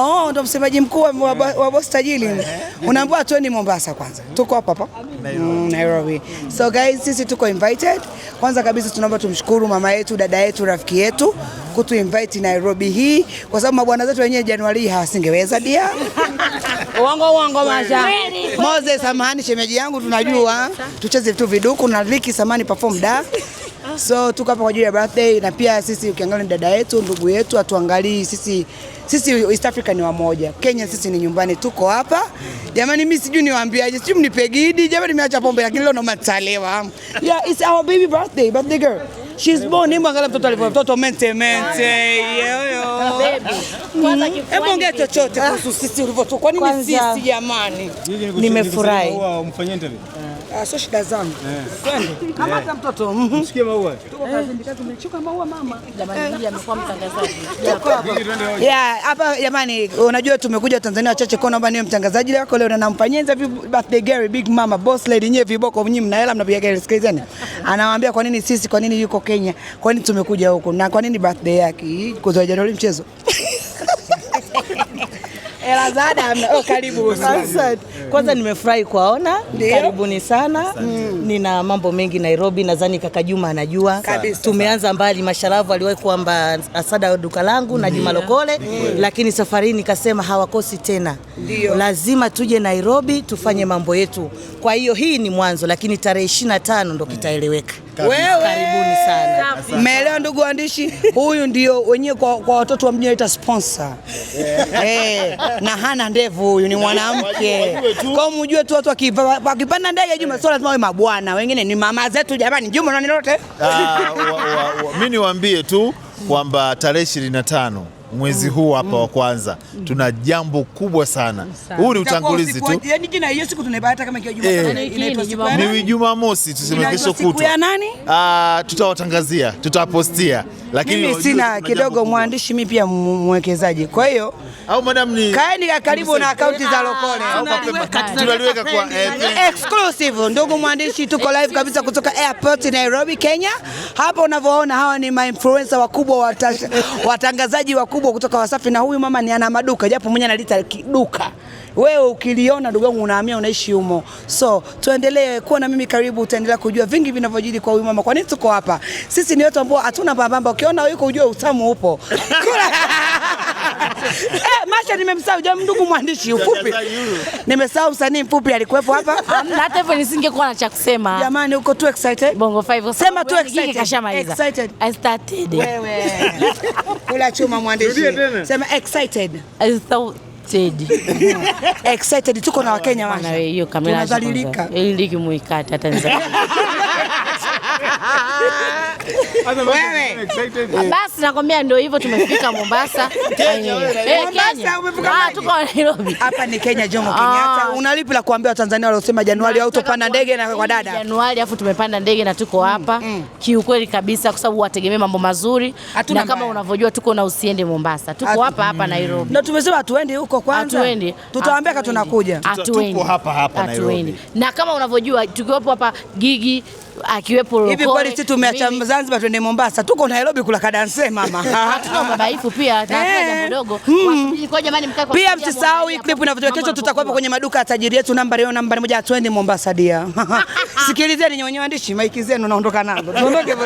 Oh, ndo msemaji mkuu wa eh. bosi tajiri. Eh. Unaambiwa tueni Mombasa kwanza. Tuko hapa hapa mm, mm, Nairobi. So guys, sisi tuko invited. Kwanza kabisa tunaomba tumshukuru mama yetu, dada yetu, rafiki yetu kutu invite Nairobi hii kwa sababu mabwana zetu wenyewe Januari hii hawasingeweza dia. Uongo uongo masha. Moses, samahani shemeji yangu tunajua. Tucheze vitu viduku na Ricky samahani perform da. So tuko hapa kwa ajili ya birthday, na pia sisi ukiangalia ni dada yetu, ndugu yetu, hatuangalii sisi sisi East Africa ni wamoja. Kenya sisi ni nyumbani, tuko hapa jamani. Mimi sijui niwaambiaje, sijui mnipegidi jamani, nimeacha pombe lakini leo naomba nitalewa. Yeah, it's our baby birthday, birthday girl. She's born. Hebu angalia mtoto alivyo, mtoto mente mente. Yoyo. Mm. Hebu ongea chochote kuhusu sisi ulivyotoka. Kwa nini sisi jamani? Nimefurahi. Mfanyeni tena. Uh, sio shida zangu. Eh. Twende. Kama eh. hata mtoto. Msikie maua. Eh. maua Jamani hapa jamani unajua tumekuja Tanzania wachache kwa naomba niwe mtangazaji wako leo na nampanyenza birthday girl big mama boss lady nyewe viboko nyinyi mnaela mnapiga girl sikilizeni. Anawaambia kwa nini sisi kwa nini yuko Kenya? Kwa nini tumekuja huko? Na kwa nini birthday yake? Kwa Januari mchezo. Hela Oh karibu. Asante. Mm. Kwanza nimefurahi kuwaona, karibuni sana. Mm. Nina mambo mengi Nairobi, nadhani kaka Juma anajua Tumeanza mbali, Masharavu aliwahi kwamba asada duka langu na Juma Lokole, lakini safari nikasema hawakosi tena, lazima tuje Nairobi tufanye mambo yetu. Kwa hiyo hii ni mwanzo, lakini tarehe 25 ndo mm. kitaeleweka. Wewe karibuni sana. Mmeelewa ndugu waandishi? Huyu ndio wenyewe kwa, kwa watoto wa mjini anaita sponsor. Hey, eh, na hana ndevu huyu ni mwanamke. Kwa mjue tu watu wakipanda ndege, Juma sio lazima wawe mabwana, wengine ni mama zetu jamani. Juma unanilote. Mimi ah, niwaambie tu kwamba tarehe 25 mwezi mm. huu hapa wa mm. kwanza mm. tuna jambo kubwa sana. Huu ni utangulizi tu, yaani ni eh. yaani Jumamosi tuseme, kesho kutwa ah, tutawatangazia, tutapostia. Lakini mimi sina kidogo mwandishi, mimi pia mwekezaji, kwa hiyo au madam ni kaeni karibu na akaunti za Lokole, ah, tunaliweka kwa eh, eh. exclusive. Ndugu mwandishi, tuko live kabisa kutoka airport Nairobi, Kenya. Hapa unavyoona hawa ni ma influencer wakubwa, watangazaji wakubwa kubwa kutoka Wasafi na huyu mama ni ana maduka japo mwenye analita duka. Wewe ukiliona ndugu yangu unahamia unaishi humo. So tuendelee kuwa na mimi karibu, utaendelea kujua vingi vinavyojiri kwa huyu mama. Kwa nini tuko hapa? Sisi ni watu ambao hatuna pambamba. Ukiona yuko ujue utamu upo. Eh, Masha nimemsahau jamaa ndugu mwandishi ufupi. Nimesahau msanii mfupi alikuwepo hapa. Um, Hata hivyo nisingekuwa na cha kusema. Jamani uko too excited? Bongo 5. Sema too excited. Kashamaliza. Excited. I started. Wewe. Kula chuma mwandishi. Sema excited. I thought Excited. Tuko na Wakenya wana. Hiyo kamera. Tunadhalilika. Tanzania. Basi nakwambia ndio hivyo, tumefika Mombasa. Eh, ah, tuko Nairobi. Hapa ni Kenya, Jomo Kenyatta. Ah. Unalipi la kuambia Watanzania waliosema Januari au utopanda ndege na kwa dada? Januari afu tumepanda ndege na tuko mm, hapa mm. kiukweli kabisa, kwa sababu wategemea mambo mazuri, na kama unavyojua tuko na usiende Mombasa, tuko hapa hapa mm. Nairobi, na tumesema hatuendi huko kwanza, tutawaambia tunakuja, tuko hapa hapa Nairobi, na kama unavyojua tukiwapo hapa gigi akiwepo Lokole. Hivi kwani sisi tumeacha Zanzibar twende Mombasa, tuko Nairobi kula kadanse mama. Hatuna mabaifu pia, tunataka eh. jambo dogo. Mm. Kwa jamani mkae Pia msisahau hii clip inavyotoka kesho, tutakuwa kwenye maduka ya tajiri yetu namba hiyo namba moja, twende Mombasa dia. Sikilizeni nyonyo andishi maiki zenu naondoka nazo. Tuondoke.